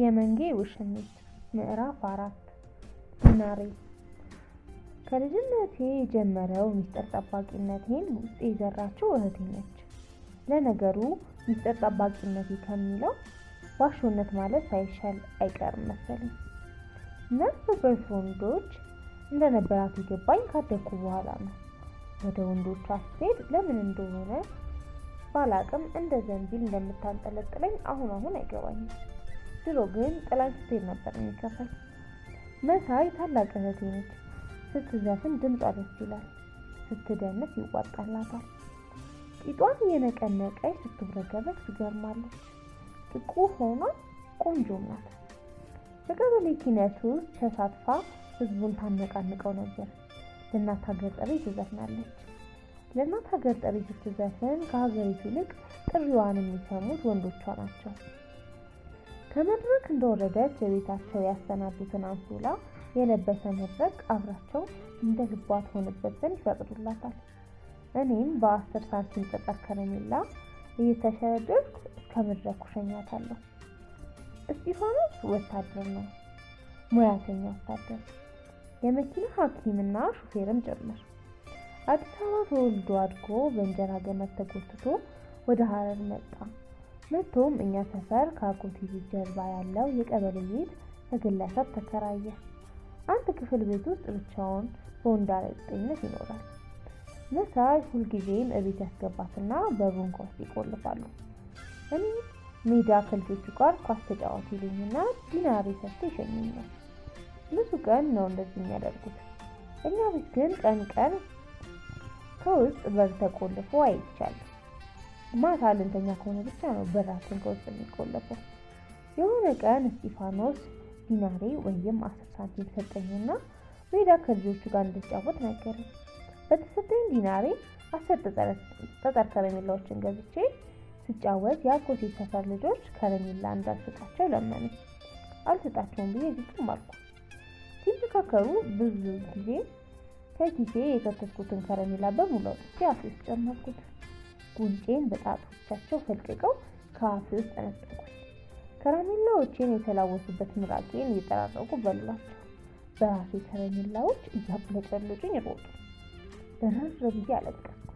የመንጌ ውሽሚት ምዕራፍ አራት ዲናሬ ከልጅነቴ የጀመረው ሚስጥር ጠባቂነቴን ውስጥ የዘራችው እህቴ ነች። ለነገሩ ሚስጥር ጠባቂነቴ ከሚለው ባሾነት ማለት ሳይሻል አይቀርም መሰለኝ። ነፍስ ወንዶች እንደነበራት የገባኝ ካደኩ በኋላ ነው። ወደ ወንዶቿ ስትሄድ ለምን እንደሆነ ባላቅም እንደ ዘንቢል እንደምታንጠለጥለኝ አሁን አሁን አይገባኝም። ድሮ ግን ጥላኝ ስትሄድ ነበር የሚከፋኝ። መሳይ ታላቅ እህቴ ነች። ስትዘፍን ድምጿ ደስ ይላል፣ ስትደንስ ይዋጣላታል። ቂጧን የነቀነቀ ስትውረገበት ትገርማለች። ጥቁ ሆኗ ቆንጆም ናት። በቀበሌ ውስጥ ተሳትፋ ህዝቡን ታነቃንቀው ነበር። ለእናት ሀገር ጠሪ ትዘፍናለች። ለእናት ሀገር ጠሪ ስትዘፍን ከሀገሪቱ ይልቅ ጥሪዋን የሚሰሙት ወንዶቿ ናቸው። ከመድረክ እንደወረደች የቤታቸው ያሰናዱትን አንሶላ የለበሰ መድረክ አብራቸው እንደ ልቧ ትሆንበት ዘንድ ይፈቅዱላታል። እኔም በአስር ሳንቲም ጠጠር ከረሜላ እየተሸረደድኩ እስከ መድረኩ ሸኛታለሁ። እስጢፋኖስ ወታደር ነው፣ ሙያተኛ ወታደር፣ የመኪና ሐኪምና ሹፌርም ጭምር። አዲስ አበባ ተወልዶ አድጎ በእንጀራ ገመድ ተጎትቶ ወደ ሀረር መጣ። መጥቶም እኛ ሰፈር ከአጎቴ ቤት ጀርባ ያለው የቀበሌ ቤት በግለሰብ ተከራየ። አንድ ክፍል ቤት ውስጥ ብቻውን በወንዳ ረግጠኝነት ይኖራል። መሳይ ሁልጊዜም እቤት ያስገባትና በሩን ከውስጥ ይቆልፋሉ። እኔ ሜዳ ከልጆቹ ጋር ኳስ ተጫዋት ይሉኝና ዲናሬ ሰጥቶ ይሸኙኛል። ብዙ ቀን ነው እንደዚህ የሚያደርጉት። እኛ ቤት ግን ቀን ቀን ከውስጥ በር ተቆልፎ አይቻልም። ማታ ልንተኛ ከሆነ ብቻ ነው በራችን ከውስጥ የሚቆለፈው። የሆነ ቀን እስጢፋኖስ ዲናሬ ወይም አስር ሳንቲም ሰጠኝና ሜዳ ከልጆቹ ጋር እንድጫወት ነገር። በተሰጠኝ ዲናሬ አስር ጠጠር ከረሜላዎችን ገዝቼ ስጫወት የአጎቴ ሰፈር ልጆች ከረሜላ እንዳልሰጣቸው ለመኑ። አልሰጣቸውም ብዬ ግጥም አልኩ። ሲመካከሩ ብዙ ጊዜ ከኪሴ የከተትኩትን ከረሜላ በሙሉ አውጥቼ አፍ ውስጥ ጨመርኩት። ጉንጬን በጣቶቻቸው ፈልቅቀው ከአፌ ውስጥ ነጠቁኝ። ከረሜላዎቼን የተላወሱበት ምራቄን እየጠራረቁ በሏቸው። በራሴ ከረሜላዎች እያቁለጨለጩኝ ሮጡ። በረር ብዬ አለቀስኩ።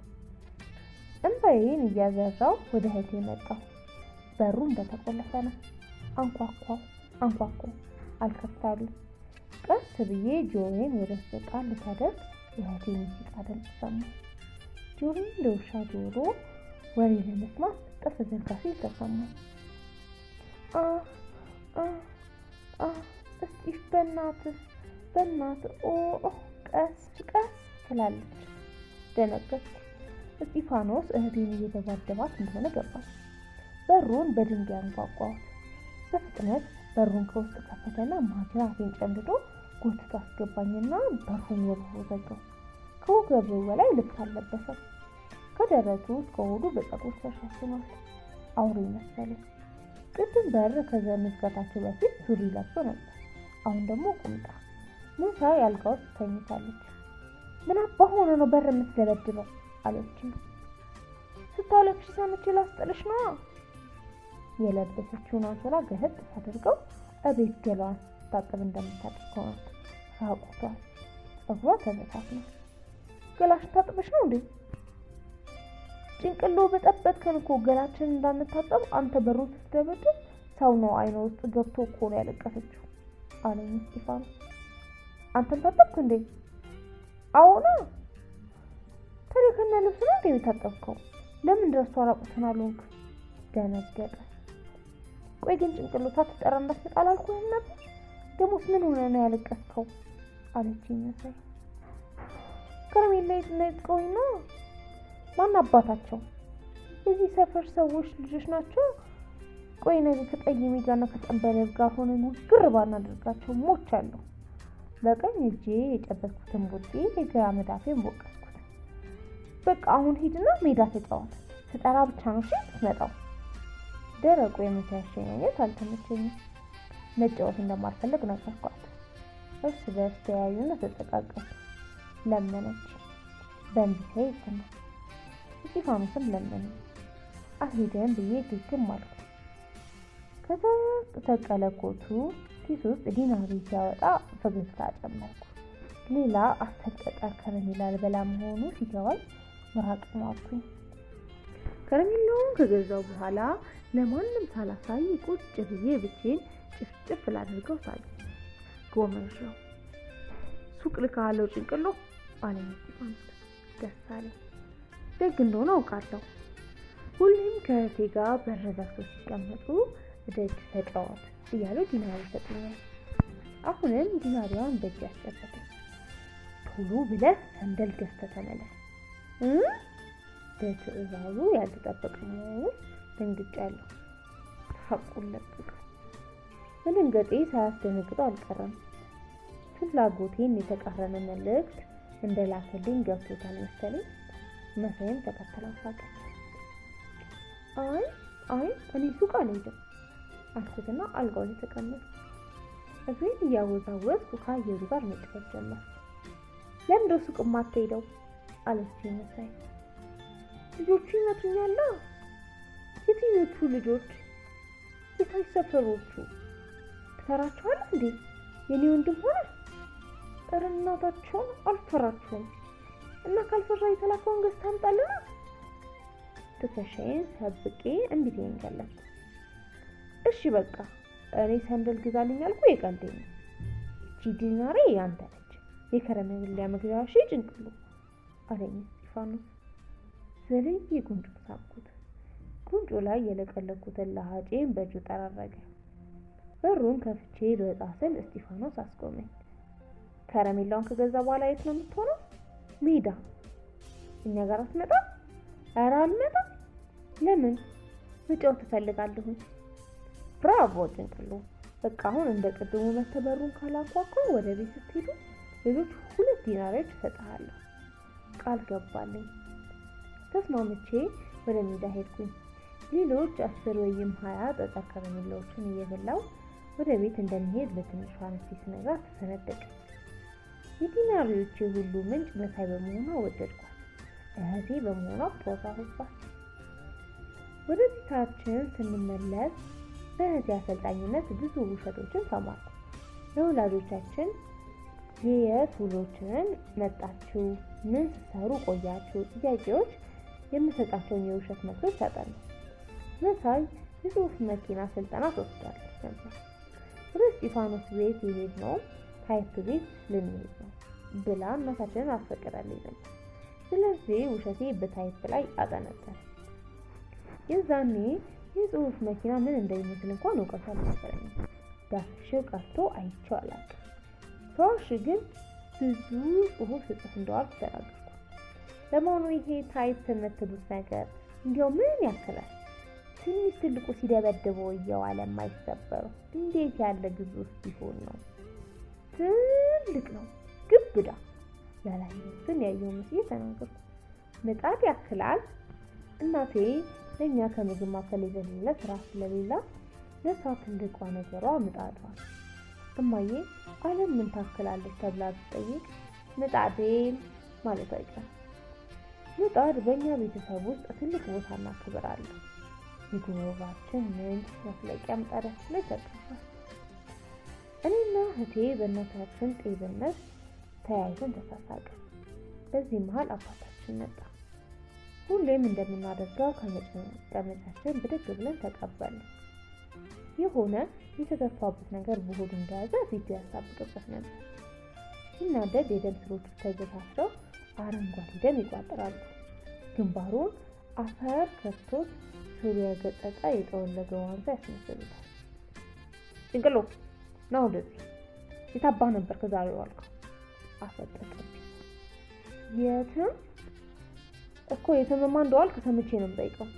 እንባዬን እያዘራው ወደ እህቴ መጣሁ። በሩም በተቆለፈ ነው። አንኳኳ አንኳኳ አልከፍታሉ። ቀስ ብዬ ጆሮዬን ወደ ስቃ ልታደርግ ሳደርግ የእህቴ ሙዚቃ ድምፅ ሰማሁ። ጆሮ እንደ ውሻ ጆሮ ወሬ ለመስማት ጥርስ ዘርጋፊ ሲል ተሰማኝ። በእናትህ በእናትህ ኦ ቀስ ቀስ ትላለች። ደነገጥኩ። እስጢፋኖስ እህቴን እየደባደባት እንደሆነ ገባች። በሩን በድንጋይ አንኳኳሁት። በፍጥነት በሩን ከውስጥ ከፈተና ማጅራቴን ጨምድዶ ጎትቶ አስገባኝና በሩን ወርውሮ ዘጋው። ከወገቡ በላይ ልብስ አለበሰም ከደረቱ እስከ ሆዱ በፀጉር ተሸፍኗል። አውሬ መሰለ። ቅድም በር ከመዝጋታቸው በፊት ሱሪ ለብሶ ነበር። አሁን ደግሞ ቁምጣ። ሙሳ አልጋ ውስጥ ተኝታለች። ምን በሆነ ነው በር የምትደበድበው? አለች ነው ስታለቅሽ ሰምቼ ላስጥልሽ የለበሰችውን አንሶላ ገለጥ አድርገው እቤት ገላዋን ስታጥብ እንደምታደርገው ናት። ራቁቷል። ተበታት ነው። ገላሽን ታጥበሽ ነው እንዴ? ጭንቅሎ በጠበጥከን እኮ ገላችን እንዳንታጠብ አንተ በሩን ስትደበድብ ሰው ነው አይነ ውስጥ ገብቶ እኮ ነው ያለቀሰችው አለኝ እስጢፋኖስ። አንተን ታጠብክ እንዴ? አዎና። ታዲያ ከነ ልብስ ነው እንዴ የታጠብከው? ለምን ድረስ ራቁትን አልሆንክ? ደነገጠ። ቆይ ግን ጭንቅሎታ ትጠራ እንዳትመጣ አላልኩህም ነበር? ደግሞስ ምን ሆነ ነው ያለቀስከው? አለችኝ መሰለኝ ላይ ነጥቀውና ማን አባታቸው የዚህ ሰፈር ሰዎች ልጆች ናቸው። ቆይ ነገ ከጠይሜ ጋርና ከጠንበለብ ጋር ሆነን ግር ባናደርጋቸው ሞች አለሁ። በቀኝ እጄ የጨበጥኩትን ቦጤ የግራ መዳፌን ቦቀስኩት። በቃ አሁን ሂድና ሜዳ ተጫወት። ስጠራ ብቻ ነው ሽ ትመጣው። ደረቁ የመተያሸኛኘት አልተመቸኝም። መጫወት እንደማልፈለግ ነገርኳት። እርስ በርስ ተያዩና ተጠቃቀሱ። ለመነች። በእምቢታ ይሰማል። እስጢፋኖስም ለመነ አልሄደም ብዬ ግግም አልኩ። ከተሰቀለ ኮቱ ኪስ ውስጥ ዲናሪ ሲያወጣ ፈገግታ ጨመርኩ። ሌላ አስተቀጣ ከረሜላ ልበላ መሆኑ ሲገባኝ ምራቅ አልኩኝ። ከረሜላውን ከገዛው በኋላ ለማንም ሳላሳይ ቁጭ ብዬ ብቼን ጭፍጭፍ ላደርገው ሳይ ጎመዣው ሱቅ ልካለው ጭንቅሎ አለኝ ደስ አለኝ። ደግ እንደሆነ አውቃለሁ። ሁሌም ከእህቴ ጋር በር ዘግቶ ሲቀመጡ ደጅ ተጫወት እያሉ ዲናር ይሰጡኛል። አሁንም ዲናሪዋን በእጅ ያስጨበጠኝ፣ ቶሎ ብለህ ሰንደል ገዝተህ ተመለስ። በትዕዛዙ ያልተጠበቀ መሆኑን ያለሁ ሀቁን ለቅቅ በድንገጤ ሳያስደነግጠው አልቀረም። ፍላጎቴን የተቃረነ መልእክት እንደ እንደላከልኝ ገብቶታል መሰለኝ። መሳይም ተከተለ ሳቀች። አይ አይ እኔ ሱቅ አልሄድም አልኩትና አልጋው ላይ ተቀመጥኩ። እግሬን እያወዛወዝኩ ከአየሩ ጋር መጫወት ጀመርኩ። ለምንድነው ሱቅ የማትሄደው አለችኝ መሳይ። ልጆቹ ይመቱኛላ። የትኞቹ ልጆች? የታች ሰፈሮቹ ትፈራቸዋለህ እንዴ? የኔ ወንድም ሆነ እናታቸውን አልፈራችሁም እና ካልፈራ የተላከውን ገዝታ አምጣልና ትከሻዬን ሰብቄ እንዲት ይንገለን። እሺ በቃ እኔ ሰንደል ግዛልኝ አልኩ። የቀልዴ ነው። እቺ ዲናሬ ያንተ ነች፣ የከረሜላ መግዣ ሺ ጭንቅሉ አለኝ እስጢፋኖስ። ዘለይ ጉንጮ ሳብኩት። ጉንጮ ላይ የለቀለኩትን ለሀጬን በእጁ ጠራረገ። በሩን ከፍቼ ልወጣ ስል እስጢፋኖስ አስቆመኝ። ከረሜላውን ከገዛ በኋላ የት ነው የምትሆነው? ሜዳ። እኛ ጋር አትመጣ? ኧረ አልመጣ። ለምን? መጫወት ትፈልጋለሁ ብራቮ ጭንቅሉ። በቃ አሁን እንደ ቅድሙ መተበሩን ካላንኳኳ ወደ ቤት ስትሄዱ ሌሎች ሁለት ዲናሪዎች እሰጥሃለሁ። ቃል ገባልኝ። ተስማምቼ ወደ ሜዳ ሄድኩኝ። ሌሎች አስር ወይም ሀያ ጠጠር ከረሜላዎችን እየበላው ወደ ቤት እንደሚሄድ ለትንሿ ነፍሴ ስነግራት ተሰነደቀች። የዲናሪዎቼ ሁሉ ምንጭ መሳይ በመሆኗ ወደድኳት። እህቴ በመሆኗ ተወሳሁባት። ወደ ቤታችን ስንመለስ በእህቴ አሰልጣኝነት ብዙ ውሸቶችን ተማርኩ። ለወላጆቻችን የየት ውሎችን መጣችሁ? ምን ስትሰሩ ቆያችሁ? ጥያቄዎች የምሰጣቸውን የውሸት መልሶች አጠኑ። መሳይ የጽሁፍ መኪና ስልጠና ተወስዳለች ነበር። ወደ እስጢፋኖስ ቤት ነው? ከአይቱ ቤት ልንሄድ ነው ብላ አመቻችንን አስፈቅዳለች። ስለዚህ ውሸቴ በታይፕ ላይ አጠነጠ የዛኔ የጽሁፍ መኪና ምን እንደሚመስል እንኳን እውቀቱ አልነበረኝ። ዳፍሽው ቀርቶ አይቼው አላውቅም። ሰዎች ግን ብዙ ጽሁፍ ስጽፍ እንደዋል ተረጋግኩ። ለመሆኑ ይሄ ታይፕ የምትሉት ነገር እንዲያው ምን ያክላል? ትንሽ ትልቁ ሲደበድበው እየዋለ የማይሰበረው እንዴት ያለ ግዙፍ ቢሆን ነው? ትልቅ ነው። ግብዳ ያላየሁትን ያየው መስዬ ተናገርኩ። ምጣድ ያክላል። እናቴ ለእኛ ከምግብ ማከል የዘለለ ስራ ስለሌላ ለእሷ ትልቋ ነገሯ ምጣዷ። እማዬ አለም ምን ታክላለች ተብላ ብጠይቅ ምጣዴን ማለት አይቀር። ምጣድ በእኛ ቤተሰብ ውስጥ ትልቅ ቦታና ክብር አለው። የጉሮሯችን ምንጭ፣ መፍለቂያ ምጣዳችን ላይ ተቀምጧል። እኔና እህቴ በእናታችን ጤብነት ተያይዘን ተሳሳቅን። በዚህ መሀል አባታችን መጣ። ሁሌም እንደምናደርገው ከመቀመጫችን ብድግ ብለን ተቀበል። የሆነ የተገፋበት ነገር በሆዱ እንደያዘ ፊቱ ያሳብቅበት ነበር። ሲናደድ የደም ስሮቹ ተዘጋጅተው አረንጓዴ ደም ይቋጥራሉ። ግንባሩን አፈር ከቶት ስሩ ያገጠጠ የጠወለገ ዋንዛ ያስመስሉታል። ጭንቅሎ ነው ወደዚህ የታባህ ነበር ከዛሬ ዋልከው አፈጠጠብኝ። የትም እኮ የትምማ እንደዋልክ ሰምቼ ነው የምጠይቀው።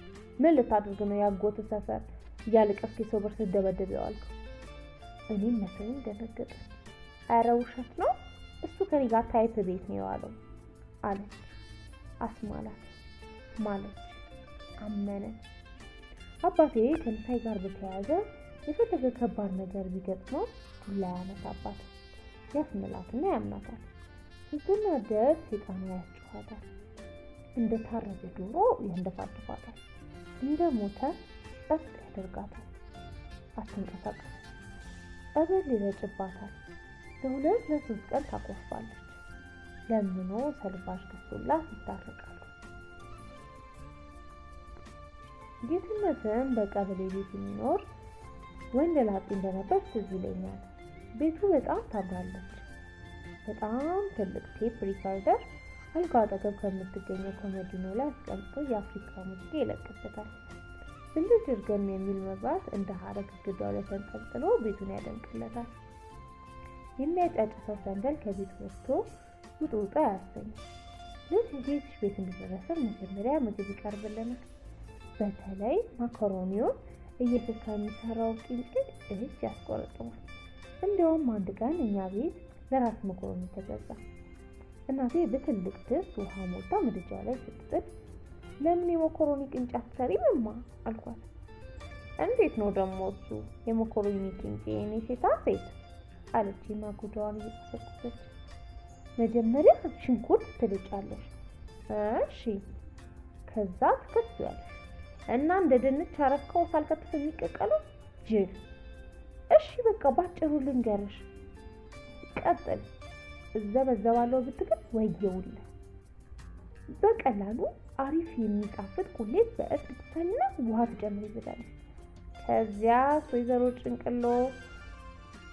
ምን ልታደርግ ነው ያጎት ሰፈር እያለቀስክ የሰው ብር ስትደበድብ የዋልከው? እኔም መሰለኝ ደነገጠ። ኧረ ውሸት ነው እሱ ከኔ ጋር ታይፕ ቤት ነው የዋለው አለች። አስማላት ማለች አመነ። አባቴ ከምሳይ ጋር በተያያዘ የፈለገ ከባድ ነገር ቢገጥመው ዱላ ያመታባት ያስምላትና ያምናታል። ስትናደድ ሴጣኑ ያስጨኋታል። እንደ ታረገ ዶሮ ያንደፋድፋታል። እንደ ሞተ ጸጥ ያደርጋታል። አትንቀሳቀስ። ጸበል ይረጭባታል። ለሁለት ለሶስት ቀን ታኮርፋለች። ለምኖ ሰልባሽ ገዝቶላት ይታረቃሉ። ጌትነትም በቀበሌ ቤት የሚኖር ወንድ ላጤ እንደነበር ትዝ ይለኛል። ቤቱ በጣም ታምራለች። በጣም ትልቅ ቴፕ ሪካርደር አልጋ አጠገብ ከምትገኘው ኮመዲኖ ላይ አስቀምጦ የአፍሪካ ሙዚቃ ይለቅበታል። ብልጭ ድርግም የሚል መብራት እንደ ሐረግ ግድግዳው ላይ ተንጠልጥሎ ቤቱን ያደምቅለታል። የሚያጨጭሰው ሰንደል ከቤት ወጥቶ ውጡ ውጣ አያሰኝም። ልጅ ቤት እንደደረሰ መጀመሪያ ምግብ ይቀርብልናል። በተለይ ማካሮኒውን እየፈካ የሚሰራው ቂንጥል እጅ ያስቆረጥማል። እንዲያውም አንድ ቀን እኛ ቤት ለራስ መኮረኒ ተገዛ። እናቴ በትልቅ ድስት ውሃ ሞልታ ምድጃ ላይ ስትጥድ ለምን የመኮረኒ ቅንጫ ትሰሪምማ አልኳት። እንዴት ነው ደግሞ እሱ የመኮረኒ ቅንጭ የኔ ሴታ ሴት አለች ማጉዳዋን እየቆሰቆሰች። መጀመሪያ ሽንኩርት ትልጫለሽ፣ እሺ፣ ከዛ ትከትፊያለሽ እና እንደ ድንች አረካው ሳልከትፍ የሚቀቀለው ጅብ። እሺ በቃ ባጭሩ ልንገርሽ፣ ቀጥል። በዛ ባለው ብትግል ወየውል። በቀላሉ አሪፍ የሚጣፍጥ ቁሌት በእርድ ትሰልና ውሃ ትጨምር ትጨምሪበታለሽ። ከዚያ ወይዘሮ ጭንቅሎ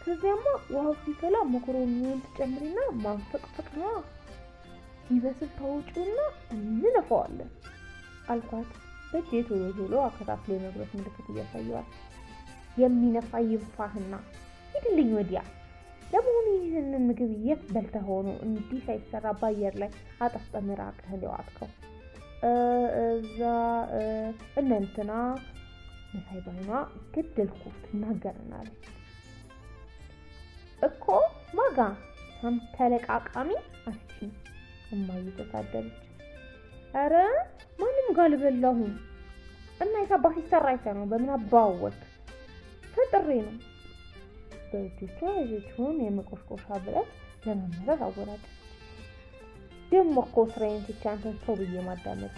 ከዚያማ ውሃው ሲፈላ መኮሮኒውን ትጨምሪና ማንፈቅፈቅና ነዋ። ይበስል ታውጪውና እንነፋዋለን አልኳት። እጄ ቶሎ ቶሎ አከታትሎ የመጉረስ ምልክት እያሳየዋል። የሚነፋ ይንፋህና ሂድልኝ ወዲያ። ለመሆኑ ይህንን ምግብ የት በልተህ ሆኖ እንዲህ ሳይሰራ በአየር ላይ አጠፍጠህ ምራቅህን የዋጥከው? እዛ እነ እንትና መሳይ ባይኗ ግድልኩ ትናገረናለች እኮ ማጋ ተም ተለቃቃሚ አስቺ እማዬ ተሳደበች። ኧረ ማንም ጋር አልበላሁም። እና የታባ ሲሰራ አይተህ ነው? በምን አባወቅ ፈጥሬ ነው። በእጆቿ የዘችውን የመቆሽቆሻ ብረት ለመመረር አወራጨች። ደግሞ እኮ ስራዬን ትቼ አንተን ሰው ብዬ ማዳመጥ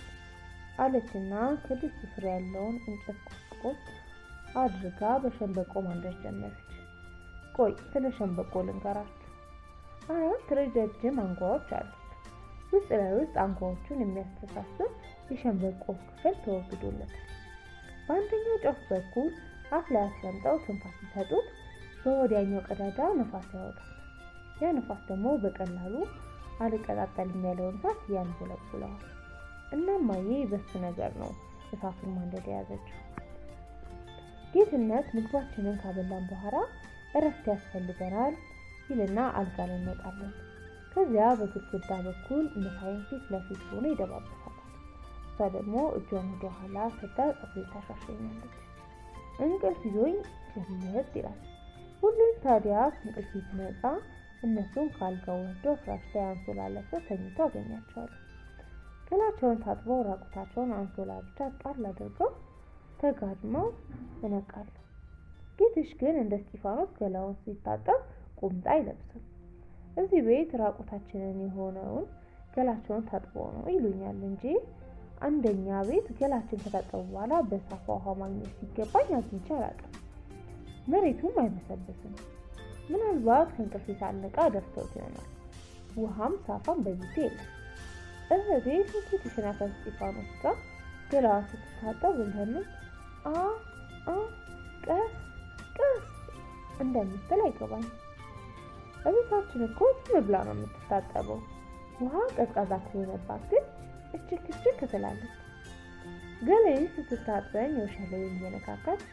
አለችና ከድስቱ ስር ያለውን እንጨት ቁስቁስ አድርጋ በሸንበቆ ማንደድ ጀመረች። ቆይ ስለ ሸንበቆ ልንገራችሁ። አራት ረጃጅም አንጓዎች አሉ። ውስጥ ለውስጥ አንጓዎቹን የሚያስተሳስብ የሸንበቆ ክፍል ተወግዶለታል። በአንደኛው ጫፍ በኩል አፍ ላይ አስቀምጠው ትንፋስ ሲሰጡት በወዲያኛው ቀዳዳ ነፋስ ያወጣል። ያ ነፋስ ደግሞ በቀላሉ አልቀጣጠልም ያለውን እሳት ያንቦለቡለዋል። እናም ማዬ በሱ ነገር ነው እሳቱን ማንደድ የያዘችው። ጌትነት ምግባችንን ካበላን በኋላ እረፍት ያስፈልገናል ይልና አልጋ ላይ እንወጣለን። ከዚያ በግድግዳ በኩል ምሳዬን ፊት ለፊት ሆኖ ይደባበሳል። እሷ ደግሞ እጇን ወደ ኋላ ሰዳ ጸጉር ታሻሸኛለች። እንቅልፍ ይዞኝ ጭምት ይላል። ሁሉም ታዲያ ከእንቅልፍ ሲነቃ እነሱን ካልጋው ወርዶ ፍራሽ ላይ አንሶላ ለብሰው ተኝቶ አገኛቸዋል። ገላቸውን ታጥበው ራቁታቸውን አንሶላ ብቻ ጣል አድርገው ተጋድመው እነቃለሁ። ጌትሽ ግን እንደ እስጢፋኖስ ገላውን ሲታጠብ ቁምጣ አይለብስም። እዚህ ቤት ራቁታችንን የሆነውን ገላቸውን ታጥቦ ነው ይሉኛል እንጂ አንደኛ ቤት ገላችን ከታጠቡ በኋላ በሳፋ ውሃ ማግኘት ሲገባኝ አግኝቼ አላውቅም። መሬቱም አይበሰብስም። ምናልባት ከእንቅልፌ ሳልነቃ ደፍተውት ይሆናል። ውሃም ሳፋም በጊዜ የለም። እህቴ ቤት አሳ እስጢፋኖስ ጋር ገላዋ ስትታጠብ እንደምን አ አ ቀስ ቀስ እንደምትል አይገባኝ በቤታችን እኮ ዝም ብላ ነው የምትታጠበው። ውሃ ቀዝቃዛ ከሆነባት ግን እችክ እችክ ትላለች። ገሌ ስትታጠበኝ የውሻለኝ እየነካካች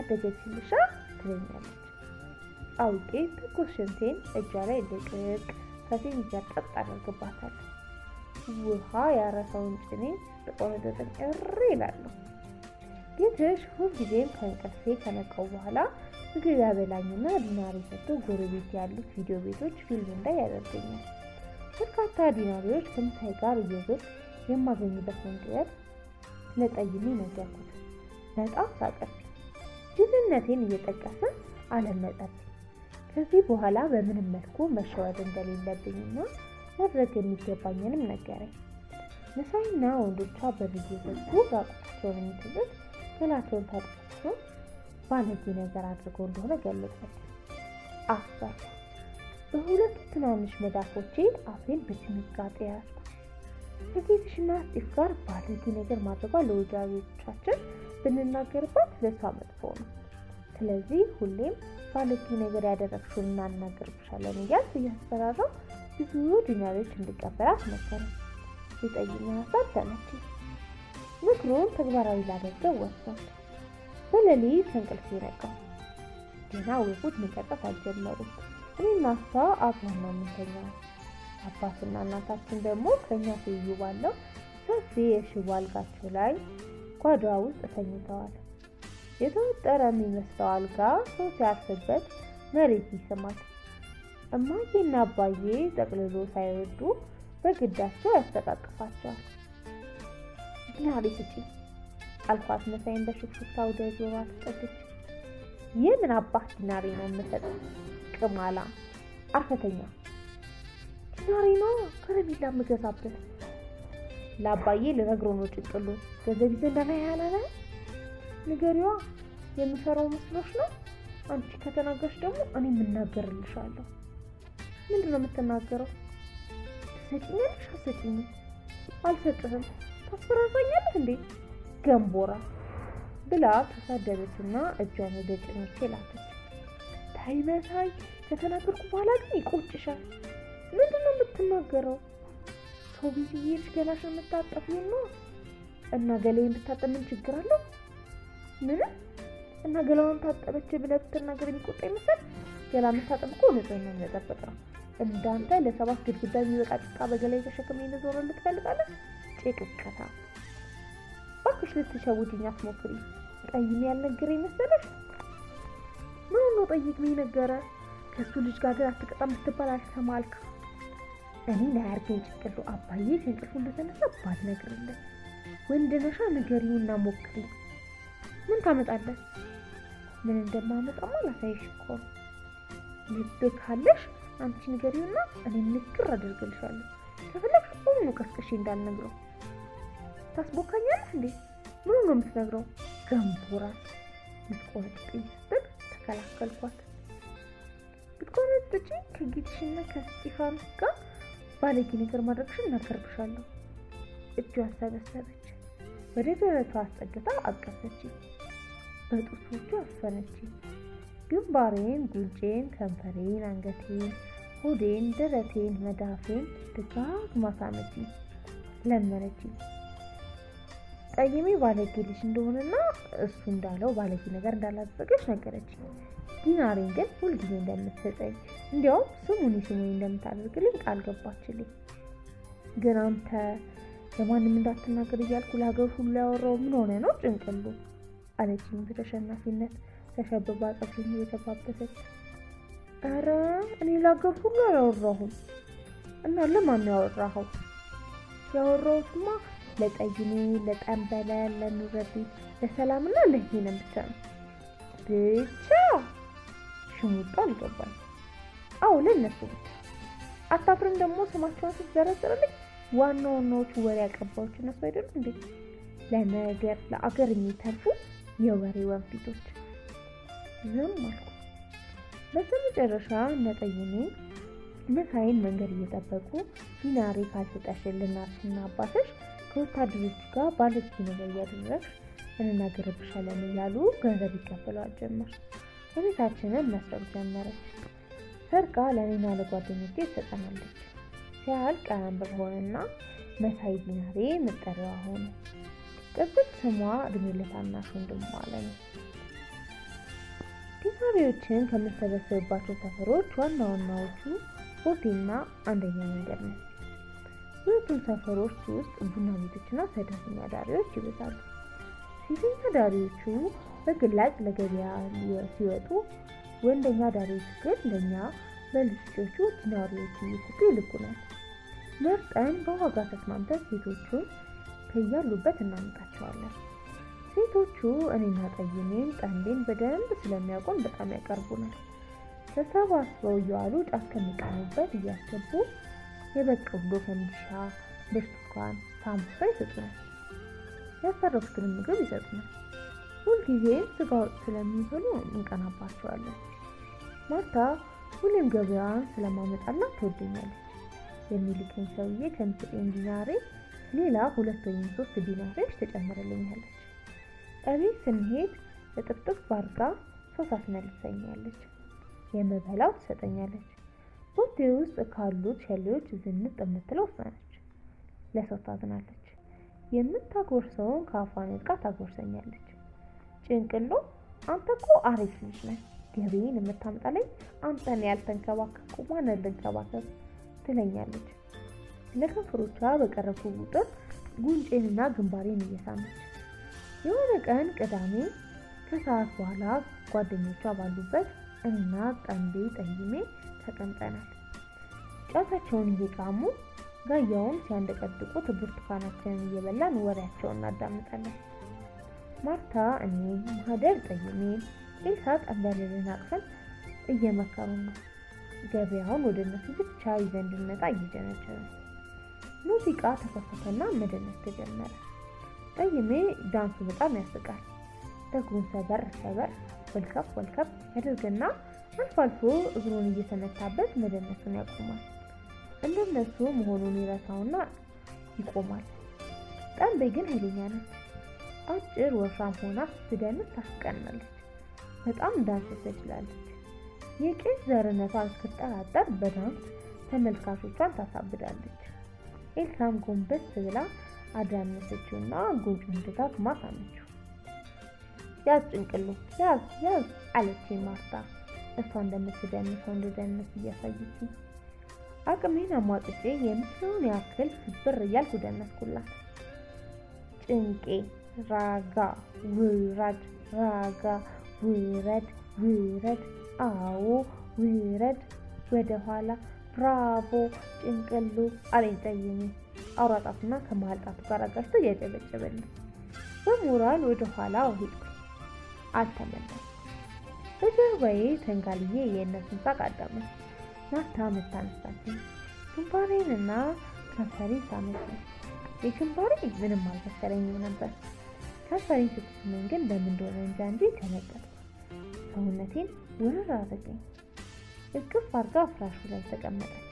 አደገች ልሻ ትለኛለች። አውቄ ትኩስ ሽንቴን እጇ ላይ ልቅቅ ከፊን እያጠጥ አደርግባታል። ውሃ ያረፈውን ጭኔ ር እሪ ይላለሁ። ይህ ሁልጊዜም ከእንቅልፌ ከነቀው በኋላ ምግብ ያበላኝና ዲናር የሰጡ ጎረቤት ያሉት ቪዲዮ ቤቶች ፊልም እንዳይ ያደርገኛል። በርካታ ዲናሪዎች ከምሳይ ጋር እየዞር የማገኝበት መንገድ ለጠይሜ ነገርኩት። በጣም ሳቀብኝ። ጅልነቴን እየጠቀሰ አለመጠት ከዚህ በኋላ በምንም መልኩ መሸወድ እንደሌለብኝና ማድረግ የሚገባኝንም ነገረኝ። መሳይና ወንዶቿ በብዙ በኩል ራቁታቸውን የሚትሉት ገላቸውን ታጥበው ባለጌ ነገር አድርጎ እንደሆነ ገለጸች። አፈር በሁለቱ ትናንሽ መዳፎች አፌን በድንጋጤ ያዝኩ። ከጌትሽና ጢፍ ጋር ባለጌ ነገር ማድረጓ ለወዳጆቻችን ብንናገርባት ለሷ መጥፎ ነው። ስለዚህ ሁሌም ባለጌ ነገር ያደረግሽውን እናናገርብሻለን እያል እያስፈራራው ብዙ ዲናሪዎች እንዲቀበላት መከረ። የጠይኝ ሀሳብ ተመቼ ምክሩን ተግባራዊ ላደርገው ወሰንኩ። በሌሊት ከእንቅልፍ ይነቃው። ገና ወፎች መንቀጠፍ አልጀመሩም። እኔና እሷ አብረን ነው የምንተኛው። አባትና እናታችን ደግሞ ከኛ ትይዩ ባለው ሰፊ የሽቦ አልጋቸው ላይ ጓዳ ውስጥ ተኝተዋል። የተወጠረ የሚመስለው አልጋ ሰው ሲያርፍበት መሬት ይስማል። እማዬና አባዬ ጠቅልሎ ሳይወዱ በግዳቸው ያስተቃቅፋቸዋል። ምክንያት ስጪ አልኳት መሳይን በሹክሹክታ ወደ ጆሯ ተጠገች። ይህ ምን አባት ዲናሬ ነው የምሰጠው? ቅማላ አርፈተኛ ዲናሬ ነው ከረሜላ የምገዛበት። ለአባዬ ልነግሮ ነው ጭቅሉ ገንዘብ ይዘህ ያላለ ንገሪዋ። የምፈራው መስሎሽ ነው? አንቺ ከተናገርሽ ደግሞ እኔ የምናገርልሻለሁ። ምንድን ነው የምትናገረው? ትሰጪኛለሽ? አትሰጪኝም? አልሰጥህም። ታስፈራራኛለህ እንዴ? ገንቦራ ብላ ተሳደበችና እጇን ወደ ጭኖቼ ላከች። ታይ መሳይ ከተናገርኩ በኋላ ግን ይቆጭሻል። ምንድን ነው የምትናገረው? ሰው ቤት እየሄድሽ ገላሽን የምታጠፊው እና ገላዬን ብታጠብ ምን ችግር አለው? ምንም እና ገላዋን ታጠበች ብለህ ብትናገር የሚቆጣ ይመስል? ገላ መታጠብ እኮ ንጽህና መጠበቅ ነው። እንዳንተ ለሰባት ግድግዳ የሚበቃ ጭቃ በገላይ ተሸክሜ ልዞር ልትፈልጋለህ? ጭቅቅታ ትንሽ ልትሸውጅኝ አትሞክሪ። ጠይሜ ያልነገረ መሰለሽ? ምን ነው ጠይቅሜ ነገረ። ከእሱ ልጅ ጋር ግን አትቀጣም ብትባል አልሰማልክ። እኔ ናያርገኝ ጭቅሉ አባዬ ከእንቅልፉ እንደተነሳ ባልነግርለት ወንድነሻ ንገሪውና ሞክሪ። ምን ታመጣለሽ? ምን እንደማመጣማ ላሳይሽ እኮ ልብ ካለሽ አንቺ ንገሪውና እኔ ንግር አድርግልሻለሁ። ከፈለግሽ ሁሉ ቀስቅሽ እንዳልነግረው ታስቦካኛለህ እንዴ? ምን ነው የምትነግረው? ገንቡራ ብትቆረጥብኝ ስትል ተከላከልኳት። ብትቆረጥብኝ ከጌትሽና ከስጢፋን ጋር ባለጌ ነገር ማድረግሽን እናገርብሻለሁ። እጇ አሰበሰበች። ወደ ደረቷ አስጠግታ አቀፈች። በጡቶቹ አፈነች። ግንባሬን፣ ጉንጬን፣ ከንፈሬን፣ አንገቴን፣ ሆዴን፣ ደረቴን፣ መዳፌን ድጋግ ማሳመች፣ ለመረች። ጠይሜ ባለጌ ልጅ እንደሆነና እሱ እንዳለው ባለጌ ነገር እንዳላደረገች ነገረች። ዲናሬን ግን ሁልጊዜ እንደምትሰጠኝ እንዲያውም ስሙኒ ስሙኒ እንደምታደርግልኝ ቃል ገባችልኝ። ግን አንተ ለማንም እንዳትናገር እያልኩ ለሀገር ሁሉ ያወራው ምን ሆነ ነው ጭንቅሉ አለችኝ በተሸናፊነት ተሸብባ ጸጉሬን እየተባበሰች። ኧረ እኔ ለሀገር ሁሉ አላወራሁም። እና ለማን ያወራኸው? ያወራሁትማ ለጠይኔ፣ ለጠንበለል፣ ለኑረቢ፣ ለሰላምና ለህይነም ብቻ ነው። ብቻ ሽሙጡ አልገባል። አዎ ለነሱ ብቻ። አታፍርም ደግሞ ስማቸውን ስትዘረዝርልኝ ዋና ዋናዎቹ ወሬ አቀባዮች እነሱ አይደሉ እንዴ? ለነገር ለአገር የሚተርፉ የወሬ ወንፊቶች። ዝም አልኩ። በስተመጨረሻ ነጠይኔ ምሳይን መንገድ እየጠበቁ ዲናሬ ካልሰጠሽን ልናርስና አባትሽ ከወታደሮቹ ጋር ባለች ነገር እያደረግሽ እንናገርብሻለን እያሉ ገንዘብ ይቀበሏት ጀመር። ቤታችንን መስረቅ ጀመረች። ሰርቃ ለእኔና ለጓደኞቼ ትሰጠናለች። ሲያልቅ ቀን ብር ሆነና መሳይ ዲናሬ መጠሪያዋ ሆነ። ቅጽል ስሟ እድሜ ለታናሽ ወንድሟ አለ። ዲናሬዎችን ከምትሰበስብባቸው ሰፈሮች ዋና ዋናዎቹ ቦቴና አንደኛ መንገድ ነው። ሁለቱም ሰፈሮች ውስጥ ቡና ቤቶችና ሰራተኛ ዳሪዎች ይበዛሉ። ሴተኛ ዳሪዎቹ በግላጭ ለገበያ ሲወጡ፣ ወንደኛ ዳሪዎች ግን ለእኛ ለልጆቹ ዲናሪዎች እየሰጡ ይልኩናል። መርጠን በዋጋ ተስማምተን ሴቶቹን ከያሉበት እናመጣቸዋለን። ሴቶቹ እኔና ጠይሜን ጠንዴን በደንብ ስለሚያውቁን በጣም ያቀርቡናል። ተሰባስበው እየዋሉ ጫት ከሚቃሙበት እያስገቡ የበግ ቆሎ፣ ፈንዲሻ፣ ብርቱካን፣ ሳምቡሳ ይሰጡናል። ያተረፉትንም ምግብ ይሰጡናል። ሁልጊዜ ስጋ ወጥ ስለሚበሉ እንቀናባቸዋለን። ማርታ ሁሌም ገበያዋን ስለማመጣላት ትወደኛለች። የሚልከኝ ሰውዬ ከምትሰጠኝ ዲናሬ ሌላ ሁለት ወይም ሶስት ዲናሬዎች ትጨምርልኛለች። እቤት ስንሄድ እጥፍጥፍ ባርጋ ሶስ አስመልሰኛለች። የምበላው ትሰጠኛለች። ሆቴ ውስጥ ካሉት ሸሌዎች ዝንጥ የምትለው እሷ ነች። ለሰው ታዝናለች። የምታጎርሰውን ከአፏን ልቃ ታጎርሰኛለች። ጭንቅሎ አንተ እኮ አሪፍ ልጅ ነህ፣ ገቢን ላይ አንተን ያልተንከባከብኩ ማንን ልንከባከብ ትለኛለች። ለከንፈሮቿ በቀረብኩ ቁጥር ጉንጬንና ግንባሬን እየሳመች የሆነ ቀን ቅዳሜ ከሰዓት በኋላ ጓደኞቿ ባሉበት እና ጠንቤ ጠይሜ ተቀምጠናል። ጫታቸውን እየቃሙ ጋያውን ሲያንደቀድቁት ብርቱካናችንን እየበላን ወሬያቸውን እናዳምጣለን። ማርታ እኔ፣ ማህደር ጠይሜ፣ ኤልሳ ቀንበልልን አቅፈን እየመከሩ ነው። ገበያውን ወደ እነሱ ብቻ ይዘን እንድንመጣ እየጀነጀረ ሙዚቃ ተከፈተና መደነስ ተጀመረ። ጠይሜ ዳንሱ በጣም ያስቃል። እግሩን ሰበር ሰበር ወልከፍ ወልከፍ ያደርግና አልፎ አልፎ እግሩን እየተመታበት መደነሱን ያቆማል። እንደነሱ መሆኑን ይረሳውና ይቆማል። ጠንቤ ግን ኃይለኛ ነች። አጭር ወፍራም ሆና ስትደንስ ታስቀናለች። በጣም ዳንስ ትችላለች። የቄስ ዘርነቷ እስክጠራጠር በዳንስ ተመልካቾቿን ታሳብዳለች። ኤልሳም ጎንበስ ብላ አዳነሰችውና ጉንጩን ድጋፍ ማሳመችው። ያዝ ጭንቅሉ ያዝ ያዝ አለች ማርታ እሷ እንደምትደንስ ሰው እንደደንስ እያሳየችኝ አቅሜን አሟጥጬ የምትሆን ያክል ስብር እያልኩ ደነስኩላት። ጭንቄ ራጋ ውረድ፣ ራጋ ውረድ፣ ውረድ፣ አዎ ውረድ፣ ወደኋላ ብራቮ ጭንቅሉ አለኝ ጣቱና አውራጣትና ጣቱ ጋር አጋጭቶ እያጨበጨበልኝ በሞራል ወደኋላ ሄድኩ። አልተመለስኩም። በጀርባዬ ተንጋልዬ የእነሱን ሳቅ አዳመጥኩ። ማታ መታ አነሳችኝ። ግንባሬንና ከንፈሬን ሳመችኝ። የግንባሬ ምንም አልመሰለኝም ነበር። ከንፈሬን ስትስመኝ ግን ለምን እንደሆነ እንጃ እንጂ ሰውነቴን ውርር አደረገኝ። እቅፍ አርጋ ፍራሹ ላይ ተቀመጠች።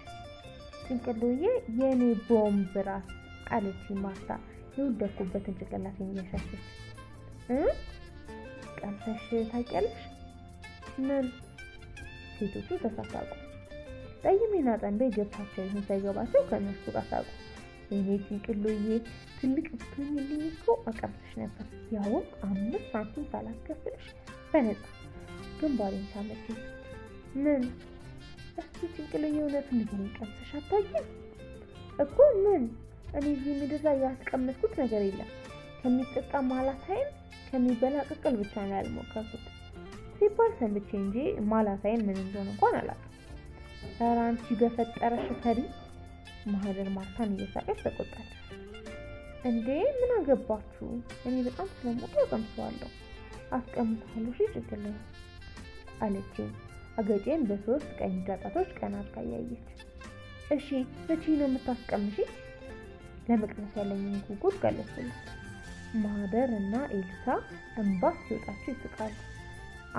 ጭንቅሎዬ የእኔ ቦምብ ራስ አለች ማርታ የወደኩበትን ጭንቅላቴን እያሻሸች። ቀምሰሽ ታውቂያለሽ ምን? ሴቶቹ ተሳሳቁ። ጠይሜና ጠንቤ ገብታቸው ይሁን ሳይገባቸው ከእነርሱ ጋር ሳቁ። የኔ ጭንቅሎዬ ትልቅ ብትሆኝልኝ እኮ አቀብስሽ ነበር፣ ያውም አምስት ሳንቲም ሳላከፍልሽ በነጻ። ግንባሬን ሳመች። ምን? እስኪ ጭንቅሎዬ እውነት ምግብን ቀምሰሽ አታይም እኮ ምን? እኔ እዚህ ምድር ላይ ያስቀመጥኩት ነገር የለም። ከሚጠጣ ማላታይም ከሚበላ ቅቅል ብቻ ነው ያልሞከርኩት። ሲባል ሰምቼ እንጂ ማላሳይን ምን እንደሆነ እንኳን አላውቅም። ኧረ አንቺ በፈጠረሽ ፈሪ! ማህደር ማርታን እየሳቀች ተቆጣች። እንዴ ምን አገባችሁ? እኔ በጣም ስለሞቀ አቀምሰዋለሁ። አስቀምጠዋለሁ ሺ ጭግል አለችኝ። አገጬን በሶስት ቀኝ ዳጣቶች ቀና አታያየች። እሺ መቼ ነው የምታስቀምሺ? ለመቅመስ ያለኝን ጉጉት ገለጹልኝ። ማህደር እና ኤልሳ እንባ ሲወጣቸው ይስቃሉ።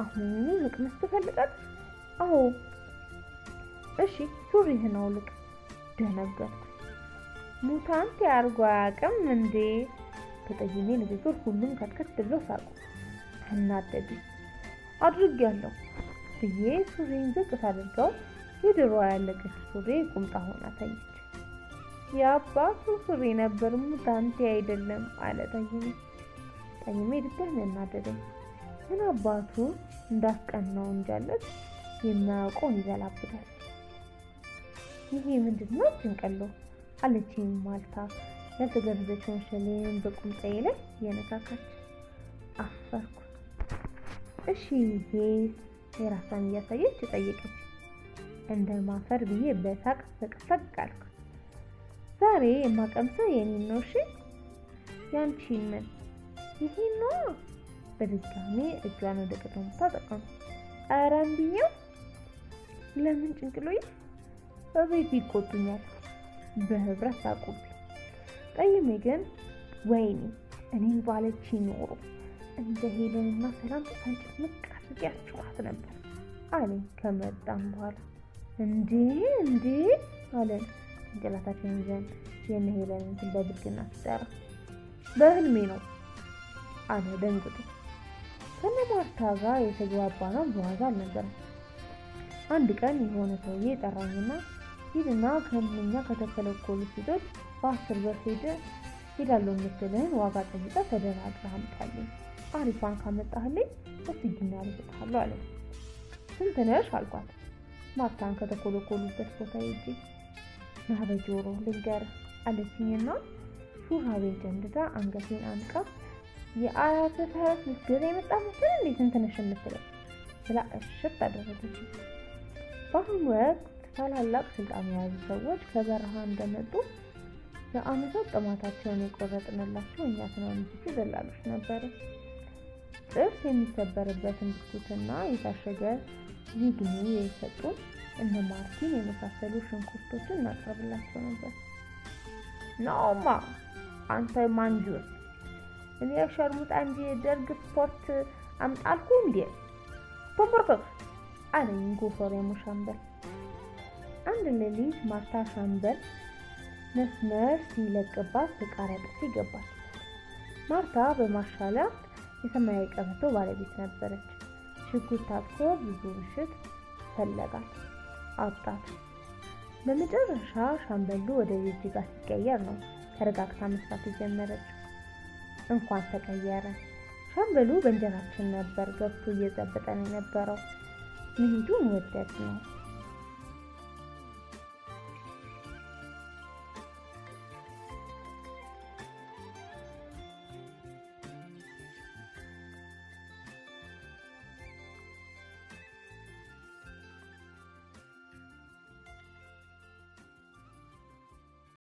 አሁኑ ልቅመስ ትፈልጋል? አዎ። እሺ ሱሪህን አውልቅ። ደነገጥኩ። ሙታንት ያርጎ አያውቅም እንዴ? በጠይሜ ንግግር ሁሉም ከትከት ብሎ ሳቁ። አናደዱ። ያለው ብዬ ሱሪን ዝቅ ሳደርገው የድሮ ያለቀች ሱሪ ቁምጣ ሆና ታየች። የአባቱ ሱሪ ነበር ሙታንቴ አይደለም አለ ጠይሜ። ጠይሜ ድጋሚ እናደደኝ። ምን አባቱ እንዳስቀናው እንጃለች የማያውቀውን ይዘላብታል። ይሄ ምንድን ነው ጭንቀሎ አለችኝ ማልታ ያልተገረዘችውን ሸሌን በቁምጣዬ ላይ የነካካች። አፈርኩ። እሺ ይሄ የራሷን እያሳየች ጠየቀች። እንደ ማፈር ብዬ በሳቅ ፈቅፈቅ አልኩ። ዛሬ የማቀምሰው የኔን ነው። እሺ ያንቺን ምን ይሄ ነው በድጋሚ እጇን ወደ ቅድም ታጠቀም። ኧረ ለምን ጭንቅሎዬ በቤት ይቆጡኛል። በህብረት ሳቁብ። ጠይሜ ግን ወይኔ እኔን ባለች ይኖሩ እንደ ሄለንና ሰላም ተንጭምቅ አድርጌያችኋት ነበር አለኝ ከመጣም በኋላ። እንዴ እንዴ አለን ጭንቅላታችን ይዘን የነሄለንን ሄለንን በብልግና ሲጠራ በህልሜ ነው አለ ደንግጦ። ከነ ማርታ ጋር የተግባባ ነው በዋዛ አልነበረም። አንድ ቀን የሆነ ሰውዬ ጠራኝና ሂድና ከምንኛ ከተከለኮሉ ሴቶች በአስር ብር ሄደ ሄዳለሁ የምትልህን ዋጋ ጠይቀ ተደራድረህ አምጣልኝ፣ አሪፋን ካመጣህልኝ እጅና ልሰጥሃለሁ አለ። ስንት ነሽ አልኳት። ማርታን ከተኮለኮሉበት ቦታ ሄጄ ናበጆሮ ልንገር አለችኝና ሹራቤ ጨምድዳ አንገቴን አንቀፍ የአያት ፈረስ ልትገዛ የመጣችው እንዴት እንትንሽ የምትለው ስላ እሽት አደረገች። በአሁኑ ወቅት ታላላቅ ስልጣን የያዙ ሰዎች ከበረሃ እንደመጡ ለዓመታት ጥማታቸውን የቆረጥንላቸው እኛ ትናንሾቹ ደላሎች ነበሩ። ጥርስ የሚሰበርበትን ብስኩትና የታሸገ ዚግኒ የሰጡ እነ ማርቲን የመሳሰሉ ሽንኩርቶችን እናቀርብላቸው ነበር። ነውማ አንተ ማንጆስ እኔ ሸርሙጣ ደርግ ስፖርት አምጣልኩ እንዴ ቦምቦርኮክ አለኝ ጎፈሬሙ ሻምበል። አንድ ሌሊት ማርታ ሻምበል መስመር ሲለቅባት በቃሪያ ጥፊ ማርታ በማሻላ የሰማያዊ ቀበቶ ባለቤት ነበረች። ሽጉጥ ታጥቆ ብዙ ምሽት ፈለጋት አጣት። በመጨረሻ ሻምበሉ ወደ ጅጅጋ ሲቀየር ነው ተረጋግታ መስራት የጀመረችው። እንኳን ተቀየረ። ሸምበሉ በእንጀራችን ነበር ገብቶ እየዘበጠን የነበረው። መሄዱን ወደድ ነው።